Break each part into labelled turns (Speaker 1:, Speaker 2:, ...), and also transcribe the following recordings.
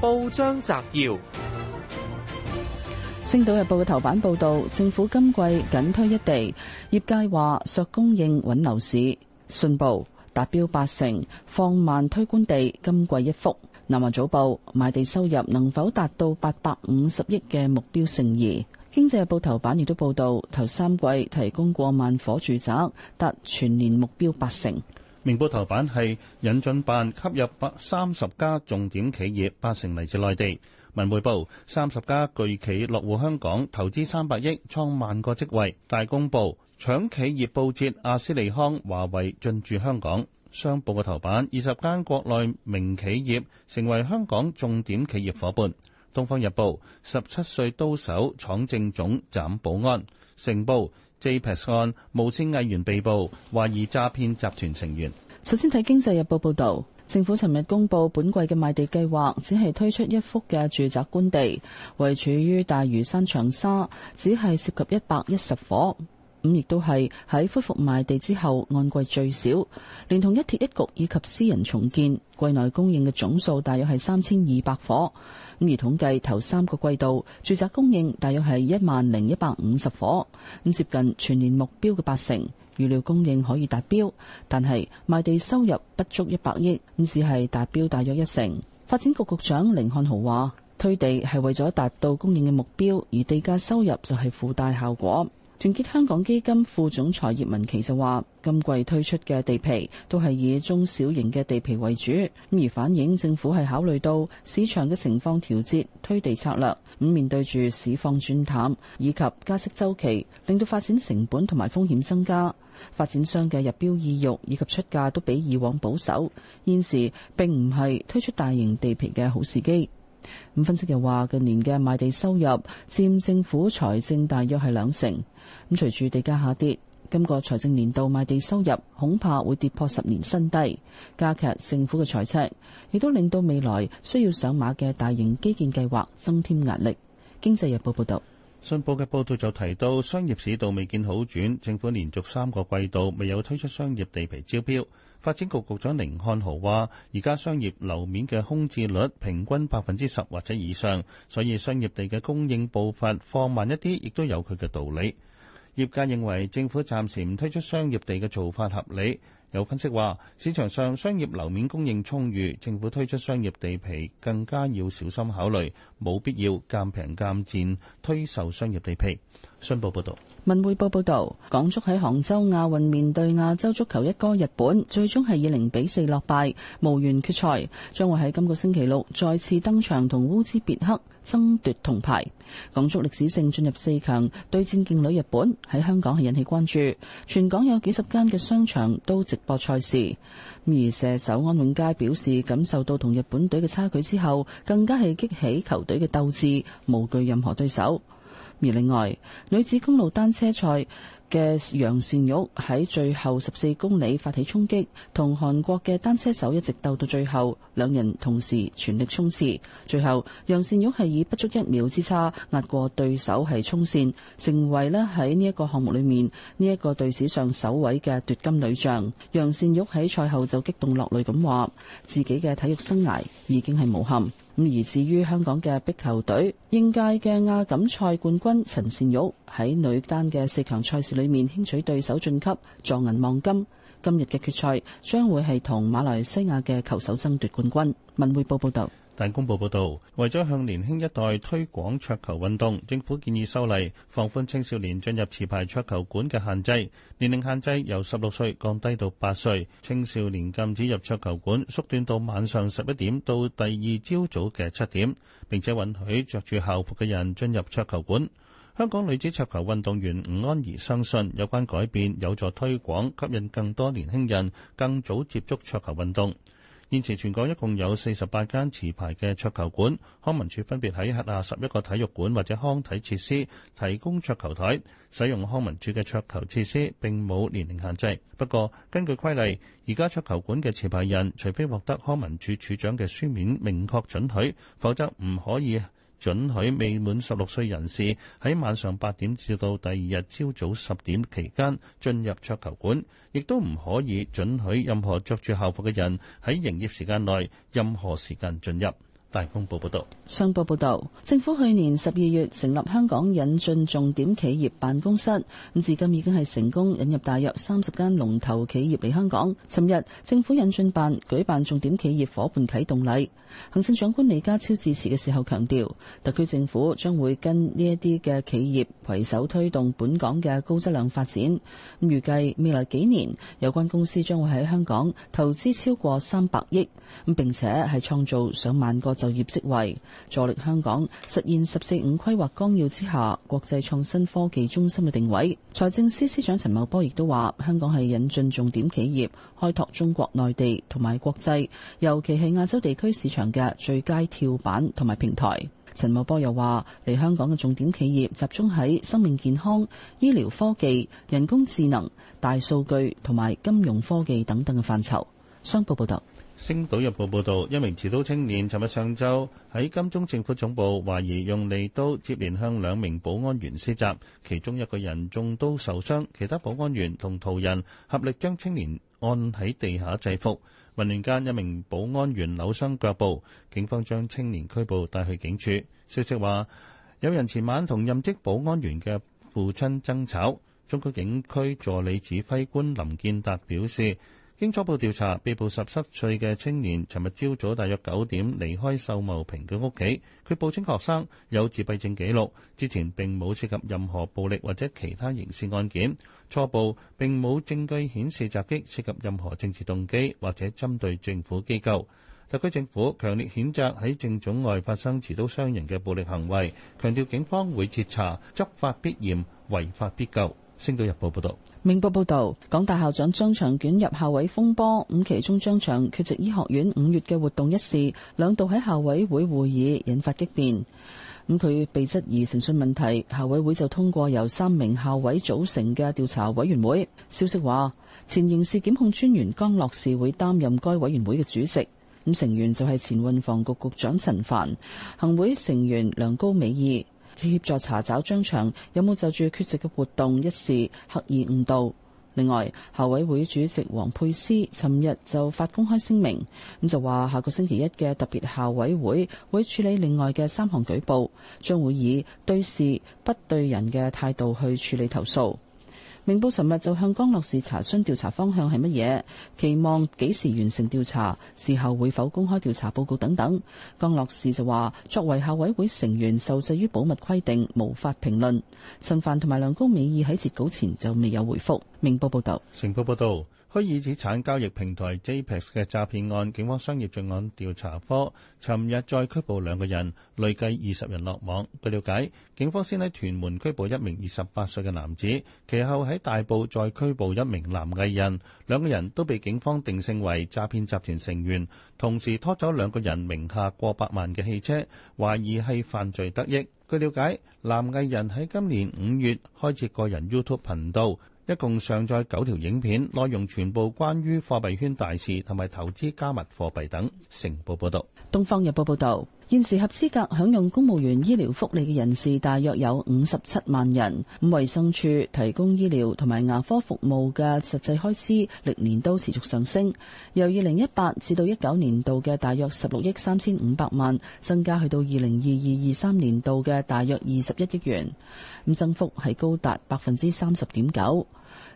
Speaker 1: 報章摘要：《星島日報》嘅頭版報道，政府今季僅推一地，業界話削供應穩樓市。信報達標八成，放慢推官地，今季一幅。南華早報賣地收入能否達到八百五十億嘅目標？成疑。《經濟日報》頭版亦都報道，頭三季提供過萬伙住宅達全年目標八成。
Speaker 2: 明報頭版係引進辦吸入百三十家重點企業，八成嚟自內地。文匯報三十家巨企落戶香港，投資三百億，創萬個職位。大公報搶企業報捷，阿斯利康、華為進駐香港。商報嘅頭版二十間國內名企業成為香港重點企業伙伴。東方日報十七歲刀手闖政總斬保安。成報 JPEX 案，無綫藝員被捕，懷疑詐騙集團成員。
Speaker 1: 首先睇《經濟日報》報導，政府尋日公布本季嘅賣地計劃，只係推出一幅嘅住宅官地，位處於大嶼山長沙，只係涉及一百一十伙。咁亦都係喺恢復賣地之後，按季最少，連同一鐵一局以及私人重建，季內供應嘅總數大約係三千二百伙。咁而統計頭三個季度，住宅供應大約係一萬零一百五十伙，咁接近全年目標嘅八成，預料供應可以達標。但係賣地收入不足一百億，咁只係達標大約一成。發展局局長凌漢豪話，推地係為咗達到供應嘅目標，而地價收入就係附帶效果。團結香港基金副總裁葉文琪就話，今季推出嘅地皮都係以中小型嘅地皮為主，咁而反映政府係考慮到市場嘅情況調節推地策略。咁面對住市況轉淡以及加息週期，令到發展成本同埋風險增加，發展商嘅入標意慾以及出價都比以往保守。現時並唔係推出大型地皮嘅好時機。咁分析又話近年嘅賣地收入佔政府財政大約係兩成，咁隨住地價下跌，今個財政年度賣地收入恐怕會跌破十年新低，加劇政府嘅財赤，亦都令到未來需要上馬嘅大型基建計劃增添壓力。經濟日報報道。
Speaker 2: 信報嘅報道就提到，商業市道未見好轉，政府連續三個季度未有推出商業地皮招標。發展局局長甯漢豪話，而家商業樓面嘅空置率平均百分之十或者以上，所以商業地嘅供應步伐放慢一啲，亦都有佢嘅道理。業界認為政府暫時唔推出商業地嘅做法合理。有分析話，市場上商業樓面供應充裕，政府推出商業地皮更加要小心考慮，冇必要減平減賤推售商業地皮。信報報導。
Speaker 1: 文匯報報道：「港足喺杭州亞運面對亞洲足球一哥日本，最終係以零比四落敗，無緣決賽，將會喺今個星期六再次登場同烏茲別克爭奪銅牌。」港足歷史性進入四強，對戰勁旅日本，喺香港係引起關注，全港有幾十間嘅商場都直播賽事。而射手安永佳表示感受到同日本隊嘅差距之後，更加係激起球隊嘅鬥志，無懼任何對手。而另外女子公路單車賽。嘅楊善玉喺最後十四公里發起衝擊，同韓國嘅單車手一直鬥到最後，兩人同時全力衝刺，最後楊善玉係以不足一秒之差壓過對手，係衝線，成為咧喺呢一個項目裏面呢一、這個隊史上首位嘅奪金女將。楊善玉喺賽後就激動落淚，咁話自己嘅體育生涯已經係無憾。咁而至於香港嘅壁球隊，應屆嘅亞錦賽冠軍陳善玉喺女單嘅四強賽事裏面輕取對手晉級，撞銀望金。今日嘅決賽將會係同馬來西亞嘅球手爭奪冠軍。文匯報報道。
Speaker 2: 《大公報》報道，為咗向年輕一代推廣桌球運動，政府建議修例，放寬青少年進入持牌桌球館嘅限制，年齡限制由十六歲降低到八歲，青少年禁止入桌球館，縮短到晚上十一點到第二朝早嘅七點，並且允許着住校服嘅人進入桌球館。香港女子桌球運動員吳安怡相信，有關改變有助推廣，吸引更多年輕人更早接觸桌球運動。現時全港一共有四十八間持牌嘅桌球館，康文署分別喺轄下十一個體育館或者康體設施提供桌球台。使用康文署嘅桌球設施並冇年齡限制。不過，根據規例，而家桌球館嘅持牌人，除非獲得康文署署長嘅書面明確准許，否則唔可以。准許未滿十六歲人士喺晚上八點至到第二日朝早十點期間進入桌球館，亦都唔可以准許任何着住校服嘅人喺營業時間內任何時間進入。大公報報道，
Speaker 1: 商報報道，政府去年十二月成立香港引進重點企業辦公室，咁至今已經係成功引入大約三十間龍頭企業嚟香港。尋日，政府引進辦舉辦重點企業夥伴啟動禮，行政長官李家超致辭嘅時候強調，特區政府將會跟呢一啲嘅企業攜手推動本港嘅高質量發展。咁預計未來幾年，有關公司將會喺香港投資超過三百億，並且係創造上萬個就業職位，助力香港實現「十四五」規劃綱要之下國際創新科技中心嘅定位。財政司司長陳茂波亦都話：香港係引進重點企業，開拓中國內地同埋國際，尤其係亞洲地區市場嘅最佳跳板同埋平台。陳茂波又話：嚟香港嘅重點企業集中喺生命健康、醫療科技、人工智能、大數據同埋金融科技等等嘅範疇。商報報道。
Speaker 2: 星島日報報導，一名持刀青年尋日上晝喺金鐘政府總部，懷疑用利刀接連向兩名保安員施襲，其中一個人中刀受傷，其他保安員同途人合力將青年按喺地下制服。混亂間，一名保安員扭傷腳部，警方將青年拘捕帶去警署。消息話，有人前晚同任職保安員嘅父親爭吵。中區警區助理指揮官林建達表示。經初步調查，被捕十七歲嘅青年尋日朝早大約九點離開秀茂坪嘅屋企。佢報稱學生有自閉症記錄，之前並冇涉及任何暴力或者其他刑事案件。初步並冇證據顯示襲擊涉及任何政治動機，或者針對政府機構。特區政府強烈譴責喺政總外發生持刀傷人嘅暴力行為，強調警方會徹查，執法必嚴，違法必究。星島日報報道，
Speaker 1: 明報報道，港大校長張翔捲入校委風波，咁其中張翔缺席醫學院五月嘅活動一事，兩度喺校委會會議引發激辯，咁、嗯、佢被質疑誠信問題，校委會就通過由三名校委組成嘅調查委員會，消息話前刑事檢控專員江樂士會擔任該委員會嘅主席，咁成員就係前運房局局長陳帆，行會成員梁高美懿。至協助查找張翔有冇就住缺席嘅活動一事刻意誤導。另外，校委會主席王沛詩尋日就發公開聲明，咁就話下個星期一嘅特別校委會會處理另外嘅三項舉報，將會以對事不對人嘅態度去處理投訴。明報尋日就向江樂士查詢調查方向係乜嘢，期望幾時完成調查，事後會否公開調查報告等等。江樂士就話，作為校委會成員，受制於保密規定，無法評論。陳帆同埋梁高美懿喺截稿前就未有回覆。明報
Speaker 2: 報道。虛擬資產交易平台 JPEX 嘅詐騙案，警方商業罪案調查科尋日再拘捕兩個人，累計二十人落網。據了解，警方先喺屯門拘捕一名二十八歲嘅男子，其後喺大埔再拘捕一名男藝人，兩個人都被警方定性為詐騙集團成員，同時拖走兩個人名下過百萬嘅汽車，懷疑係犯罪得益。據了解，男藝人喺今年五月開設個人 YouTube 頻道。一共上載九條影片，內容全部關於貨幣圈大事同埋投資加密貨幣等。成報報道，
Speaker 1: 東方日報報道，現時合資格享用公務員醫療福利嘅人士大約有五十七萬人。咁衛生署提供醫療同埋牙科服務嘅實際開支歷年都持續上升，由二零一八至到一九年度嘅大約十六億三千五百萬，增加去到二零二二、二三年度嘅大約二十一億元，咁增幅係高達百分之三十點九。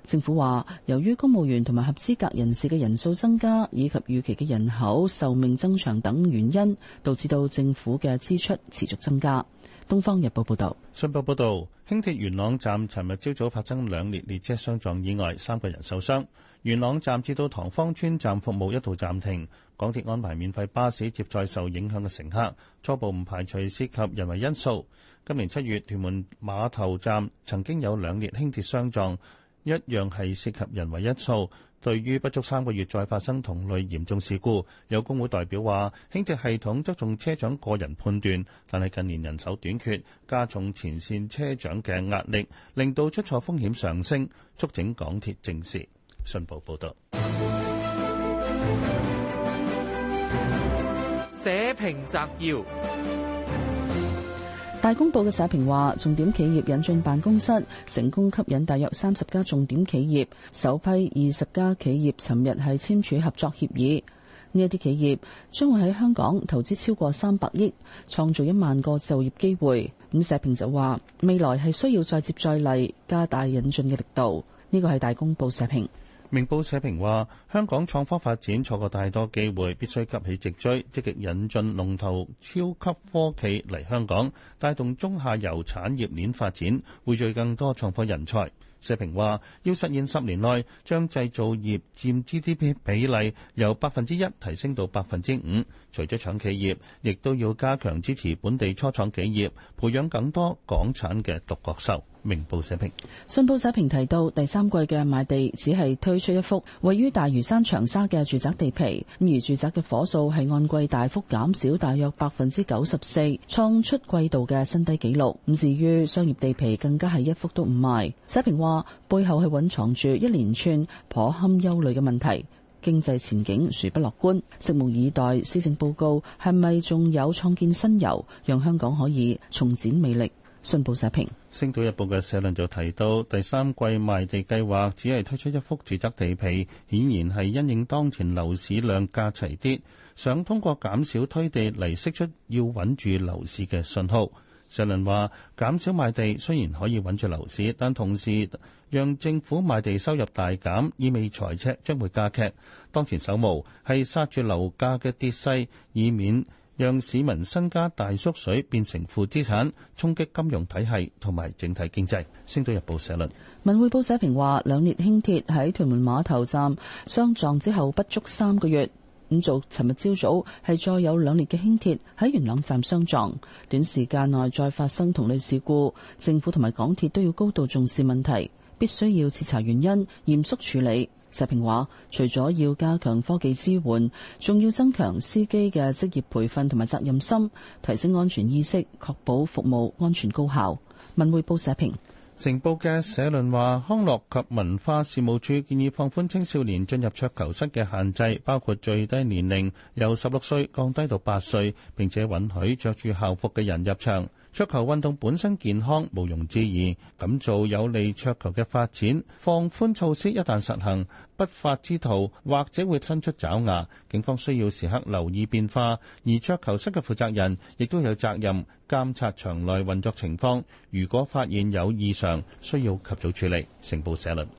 Speaker 1: 政府話，由於公務員同埋合資格人士嘅人數增加，以及預期嘅人口壽命增長等原因，導致到政府嘅支出持續增加。《東方日報》報道。
Speaker 2: 信報報導，輕鐵元朗站尋日朝早發生兩列列車相撞意外，三個人受傷。元朗站至到塘坊村站服務一度暫停，港鐵安排免費巴士接載受影響嘅乘客。初步唔排除涉及人為因素。今年七月屯門碼頭站曾經有兩列輕鐵相撞。一樣係涉及人為因素。對於不足三個月再發生同類嚴重事故，有工會代表話：輕直系統側重車長個人判斷，但係近年人手短缺，加重前線車長嘅壓力，令到出錯風險上升。促請港鐵正視。信報報道：
Speaker 1: 社評摘要。大公報嘅社評話：重點企業引進辦公室成功吸引大約三十家重點企業，首批二十家企業尋日係簽署合作協議。呢一啲企業將會喺香港投資超過三百億，創造一萬個就業機會。咁社評就話：未來係需要再接再厲，加大引進嘅力度。呢、呢個係大公報社評。
Speaker 2: 明報社評話：香港創科發展錯過太多機會，必須急起直追，積極引進龍頭超級科技嚟香港，帶動中下游產業鏈發展，匯聚更多創科人才。社評話：要實現十年內將製造業佔 GDP 比例由百分之一提升到百分之五，除咗搶企業，亦都要加強支持本地初創企業，培養更多港產嘅獨角獸。明報社評，信
Speaker 1: 報社評提到，第三季嘅賣地只係推出一幅位於大嶼山長沙嘅住宅地皮，而住宅嘅伙數係按季大幅減少，大約百分之九十四，創出季度嘅新低紀錄，咁至於商業地皮，更加係一幅都唔賣。社評話背後係蘊藏住一連串頗堪憂慮嘅問題，經濟前景殊不樂觀，拭目以待施政報告係咪仲有創建新猷，讓香港可以重展魅力？信報社評，
Speaker 2: 《星島日報》嘅社論就提到，第三季賣地計劃只係推出一幅住宅地皮，顯然係因應當前樓市量價齊跌，想通過減少推地嚟釋出要穩住樓市嘅信號。社論話，減少賣地雖然可以穩住樓市，但同時讓政府賣地收入大減，意味財赤將會加劇。當前首務係剎住樓價嘅跌勢，以免讓市民身家大縮水，變成負資產，衝擊金融體系同埋整體經濟。星島日報社論。
Speaker 1: 文匯報社評話：兩列輕鐵喺屯門碼頭站相撞之後不足三個月，咁就尋日朝早係再有兩列嘅輕鐵喺元朗站相撞，短時間內再發生同類事故，政府同埋港鐵都要高度重視問題，必須要徹查原因，嚴肅處理。社評話，除咗要加強科技支援，仲要增強司機嘅職業培訓同埋責任心，提升安全意識，確保服務安全高效。文匯報社評。
Speaker 2: 成報嘅社論話：康樂及文化事務處建議放寬青少年進入桌球室嘅限制，包括最低年齡由十六歲降低到八歲，並且允許着住校服嘅人入場。桌球運動本身健康，毋庸置疑，咁做有利桌球嘅發展。放寬措施一旦實行，不法之徒或者會伸出爪牙，警方需要時刻留意變化，而桌球室嘅負責人亦都有責任監察場內運作情況，如果發現有異常，需要及早處理。成報社論。